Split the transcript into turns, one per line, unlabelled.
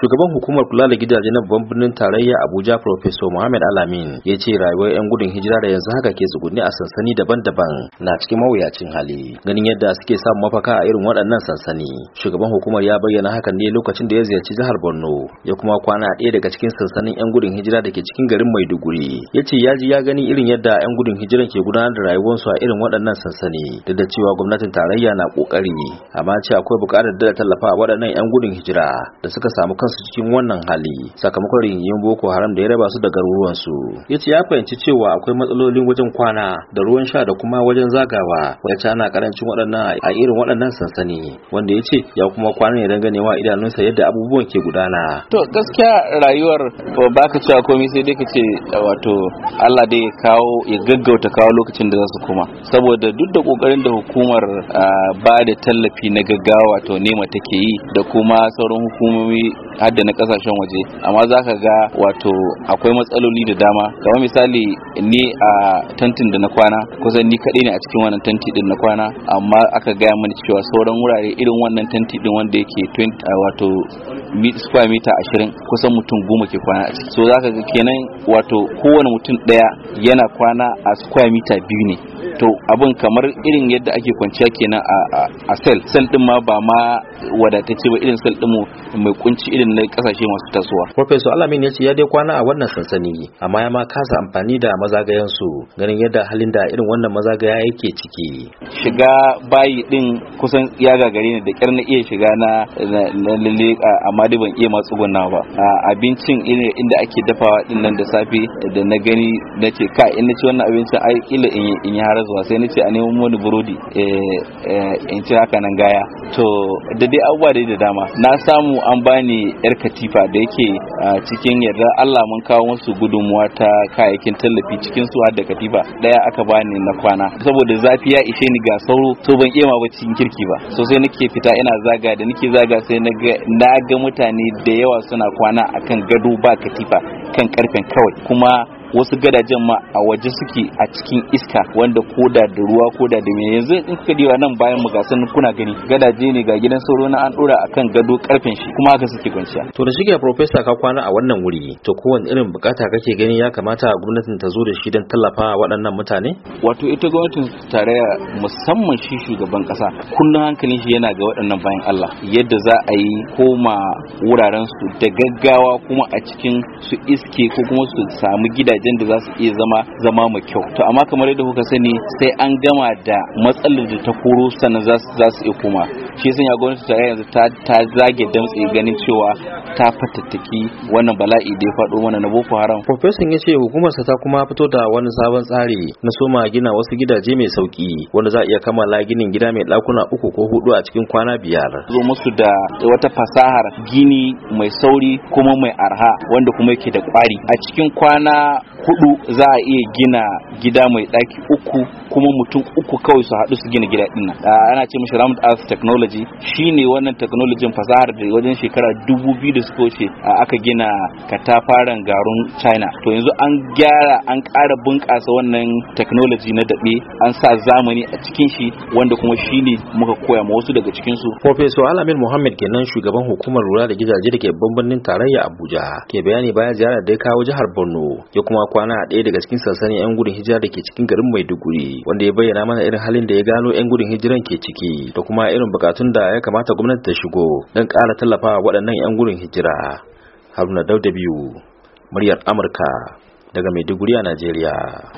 shugaban hukumar kula da gidaje na babban birnin tarayya abuja professor muhammad alamin ya ce rayuwar 'yan gudun hijira da yanzu haka ke tsugunni a sansani daban-daban na cikin mawuyacin hali ganin yadda suke samun mafaka a irin waɗannan sansani shugaban hukumar ya bayyana haka ne lokacin da ya ziyarci jihar borno ya kuma kwana ɗaya daga cikin sansanin 'yan gudun hijira da ke cikin garin maiduguri ya ce ya ji ya gani irin yadda 'yan gudun hijira ke gudanar da rayuwarsu a irin waɗannan sansani duk da cewa gwamnatin tarayya na ƙoƙari amma ce akwai buƙatar da tallafa waɗannan 'yan gudun hijira da suka samu kansu cikin wannan hali sakamakon rigingimin boko haram da ya raba su da garuruwan ya ce ya fahimci cewa akwai matsalolin wajen kwana da ruwan sha da kuma wajen zagawa wacce ana karancin waɗannan a irin waɗannan sansani wanda ya ce ya kuma kwana ne don ganewa idanunsa yadda abubuwan ke gudana. to gaskiya
rayuwar ba ka cewa komai sai dai ka ce wato allah dai ya kawo ya gaggauta kawo lokacin da za su kuma saboda duk da kokarin da hukumar ah, ba da tallafi na gaggawa wato nema take yi da kuma sauran hukumomi har na kasashen waje amma za ka ga wato akwai matsaloli da dama kamar misali ni a tantin da na kwana kusan ni kaɗai ne a cikin wannan tanti din na kwana amma aka gaya mani cewa sauran wurare irin wannan tanti din wanda yake 20 wato square meter ashirin kusan mutum goma ke kwana a ciki so za ka ga kenan wato kowane mutum ɗaya yana kwana a square meter biyu ne to abin kamar irin yadda ake kwanciya kenan a sel sel din ma ba ma wadatacce ba irin sel din mu mai kunci irin irin na kasashe masu tasowa
Professor Alamin ya ce ya dai kwana a wannan sansani amma ya ma kasa amfani da mazagayen su ganin yadda halin da irin wannan mazagaya yake ciki
shiga bayi din kusan ya gagare ni da kyar na iya shiga na lalle amma dai ban iya matsuguna ba abincin inda ake dafawa din nan da safe da na gani na ce ka in ci wannan abincin ai kila in yi har zuwa sai na ce a neman wani burodi eh, eh, in ci haka nan gaya to da dai abubuwa dai da dama na samu an bani yar katifa da yake cikin yarda Allah mun kawo musu gudunmuwa ta kayayyakin tallafi cikin su har da katifa daya aka bani na kwana saboda zafi ya ishe ni ga sauro to ban iya ma cikin kirki ba so sai nake fita ina zaga da nake zaga sai na ga mutane da yawa suna kwana akan gado ba katifa kan karfen kawai kuma wasu gadajen ma a waje suke a cikin iska wanda koda da ruwa ko da me yanzu in kuka diwa nan bayan mu gasan kuna gani gadaje ne ga gidan sauro na an dora akan gado karfen shi kuma haka suke kwanciya to
da shige professor ka kwana a wannan wuri to kowane irin bukata kake gani ya kamata gwamnatin ta zo da shi
don tallafa waɗannan mutane wato ita gwamnatin tarayya musamman shi shugaban kasa kullun hankalin shi yana ga waɗannan bayan Allah yadda za a yi koma wuraren su da gaggawa kuma a cikin su iska suke ko kuma su samu gidajen da za su iya zama zama mu kyau to amma kamar yadda kuka sani sai an gama da matsalar da ta koro sannan za su iya koma shi sun ya gwamnati tare yanzu ta zage damtse ganin cewa ta fatattaki wannan bala'i da ya faɗo mana na boko haram farfesan ya ce hukumarsa ta kuma fito da
wani sabon tsari na soma gina wasu gidaje mai sauki wanda za a iya kammala ginin gida mai
ɗakuna uku ko hudu a cikin kwana biyar zo musu da wata fasahar gini mai sauri kuma mai arha wanda kuma yake da kwari a cikin kwana hudu za a iya gina gida mai daki uku kuma mutum uku kawai su haɗu su gina gida ɗin ana ce mashi ramd earth technology shine wannan technology fasahar da wajen shekara dubu biyu da suka wuce aka gina katafaren garin china to yanzu an gyara an ƙara bunƙasa wannan technology na daɓe an sa zamani a cikin shi wanda kuma shine muka koya ma wasu daga cikin su professor alamin muhammad kenan shugaban hukumar lura da gidaje da ke babban
birnin tarayya abuja ke bayani bayan ziyarar da ya kawo jihar borno ya kuma kwana a ɗaya daga cikin sansanin 'yan gudun hijira da ke cikin garin Maiduguri wanda ya bayyana mana irin halin da ya gano 'yan gudun hijiran ke ciki da kuma irin bukatun da ya kamata gwamnati ta shigo don ƙara tallafa wa waɗannan 'yan gudun hijira. Haruna Dauda biyu, muryar Amurka daga Maiduguri a Najeriya.